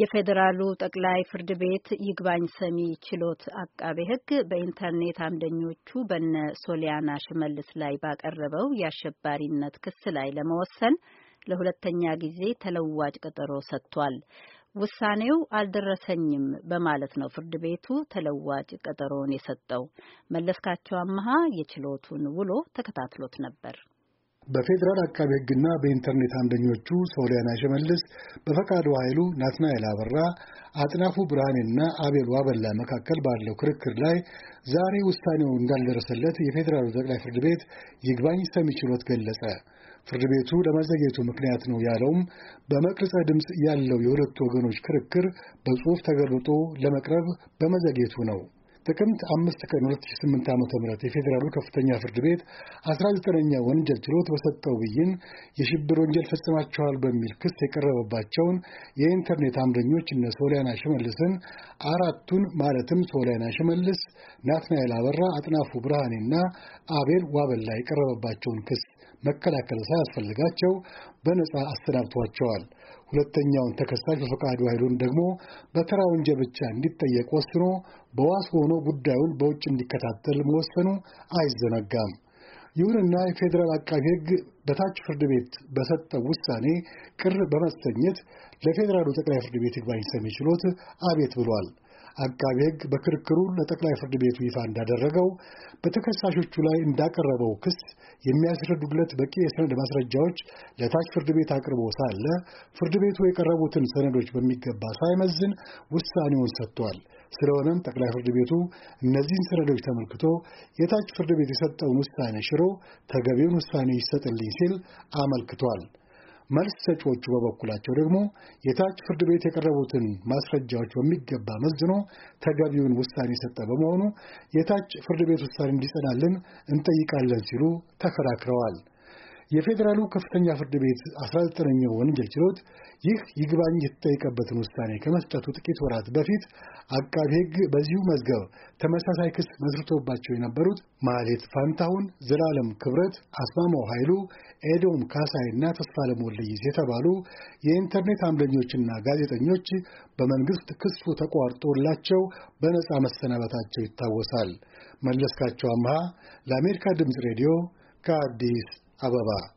የፌዴራሉ ጠቅላይ ፍርድ ቤት ይግባኝ ሰሚ ችሎት አቃቤ ሕግ በኢንተርኔት አምደኞቹ በነ ሶሊያና ሽመልስ ላይ ባቀረበው የአሸባሪነት ክስ ላይ ለመወሰን ለሁለተኛ ጊዜ ተለዋጭ ቀጠሮ ሰጥቷል። ውሳኔው አልደረሰኝም በማለት ነው ፍርድ ቤቱ ተለዋጭ ቀጠሮውን የሰጠው። መለስካቸው አመሃ የችሎቱን ውሎ ተከታትሎት ነበር። በፌዴራል አቃቢ ሕግና በኢንተርኔት አምደኞቹ ሶሊያና ሸመልስ በፈቃዱ ኃይሉ፣ ናትናኤል አበራ፣ አጥናፉ ብርሃኔና አቤል አበላ መካከል ባለው ክርክር ላይ ዛሬ ውሳኔው እንዳልደረሰለት የፌዴራሉ ጠቅላይ ፍርድ ቤት ይግባኝ ሰሚ ችሎት ገለጸ። ፍርድ ቤቱ ለመዘግየቱ ምክንያት ነው ያለውም በመቅረጸ ድምፅ ያለው የሁለቱ ወገኖች ክርክር በጽሑፍ ተገልብጦ ለመቅረብ በመዘግየቱ ነው። ጥቅምት አምስት ቀን 2008 ዓ ም የፌዴራሉ ከፍተኛ ፍርድ ቤት 19ኛ ወንጀል ችሎት በሰጠው ብይን የሽብር ወንጀል ፈጽማቸዋል በሚል ክስ የቀረበባቸውን የኢንተርኔት አምደኞች እነ ሶሊያና ሽመልስን አራቱን ማለትም ሶሊያና ሽመልስ፣ ናትናኤል አበራ፣ አጥናፉ ብርሃኔና አቤል ዋበላ የቀረበባቸውን ክስ መከላከል ሳያስፈልጋቸው በነጻ አሰናብቷቸዋል። ሁለተኛውን ተከሳሽ በፈቃዱ ኃይሉን ደግሞ በተራ ወንጀል ብቻ እንዲጠየቅ ወስኖ በዋስ ሆኖ ጉዳዩን በውጭ እንዲከታተል መወሰኑ አይዘነጋም። ይሁንና የፌዴራል አቃቢ ሕግ በታች ፍርድ ቤት በሰጠው ውሳኔ ቅር በመሰኘት ለፌዴራሉ ጠቅላይ ፍርድ ቤት ይግባኝ ሰሚ ችሎት አቤት ብሏል። አቃቤ ሕግ በክርክሩ ለጠቅላይ ፍርድ ቤቱ ይፋ እንዳደረገው በተከሳሾቹ ላይ እንዳቀረበው ክስ የሚያስረዱለት በቂ የሰነድ ማስረጃዎች ለታች ፍርድ ቤት አቅርቦ ሳለ ፍርድ ቤቱ የቀረቡትን ሰነዶች በሚገባ ሳይመዝን ውሳኔውን ሰጥቷል። ስለሆነም ጠቅላይ ፍርድ ቤቱ እነዚህን ሰነዶች ተመልክቶ የታች ፍርድ ቤት የሰጠውን ውሳኔ ሽሮ ተገቢውን ውሳኔ ይሰጥልኝ ሲል አመልክቷል። መልስ ሰጪዎቹ በበኩላቸው ደግሞ የታች ፍርድ ቤት የቀረቡትን ማስረጃዎች በሚገባ መዝኖ ተገቢውን ውሳኔ የሰጠ በመሆኑ የታች ፍርድ ቤት ውሳኔ እንዲጸናልን እንጠይቃለን ሲሉ ተከራክረዋል። የፌዴራሉ ከፍተኛ ፍርድ ቤት 19ኛው ወንጀል ችሎት ይህ ይግባኝ የተጠየቀበትን ውሳኔ ከመስጠቱ ጥቂት ወራት በፊት አቃቢ ሕግ በዚሁ መዝገብ ተመሳሳይ ክስ መስርቶባቸው የነበሩት ማሌት ፋንታሁን፣ ዘላለም ክብረት፣ አስማማው ኃይሉ፣ ኤዶም እና ተስፋለም ወልደየስ የተባሉ የኢንተርኔት አምደኞችና ጋዜጠኞች በመንግስት ክሱ ተቋርጦላቸው በነፃ መሰናበታቸው ይታወሳል። መለስካቸው አምሃ ለአሜሪካ ድምፅ ሬዲዮ ከአዲስ 阿伯伯。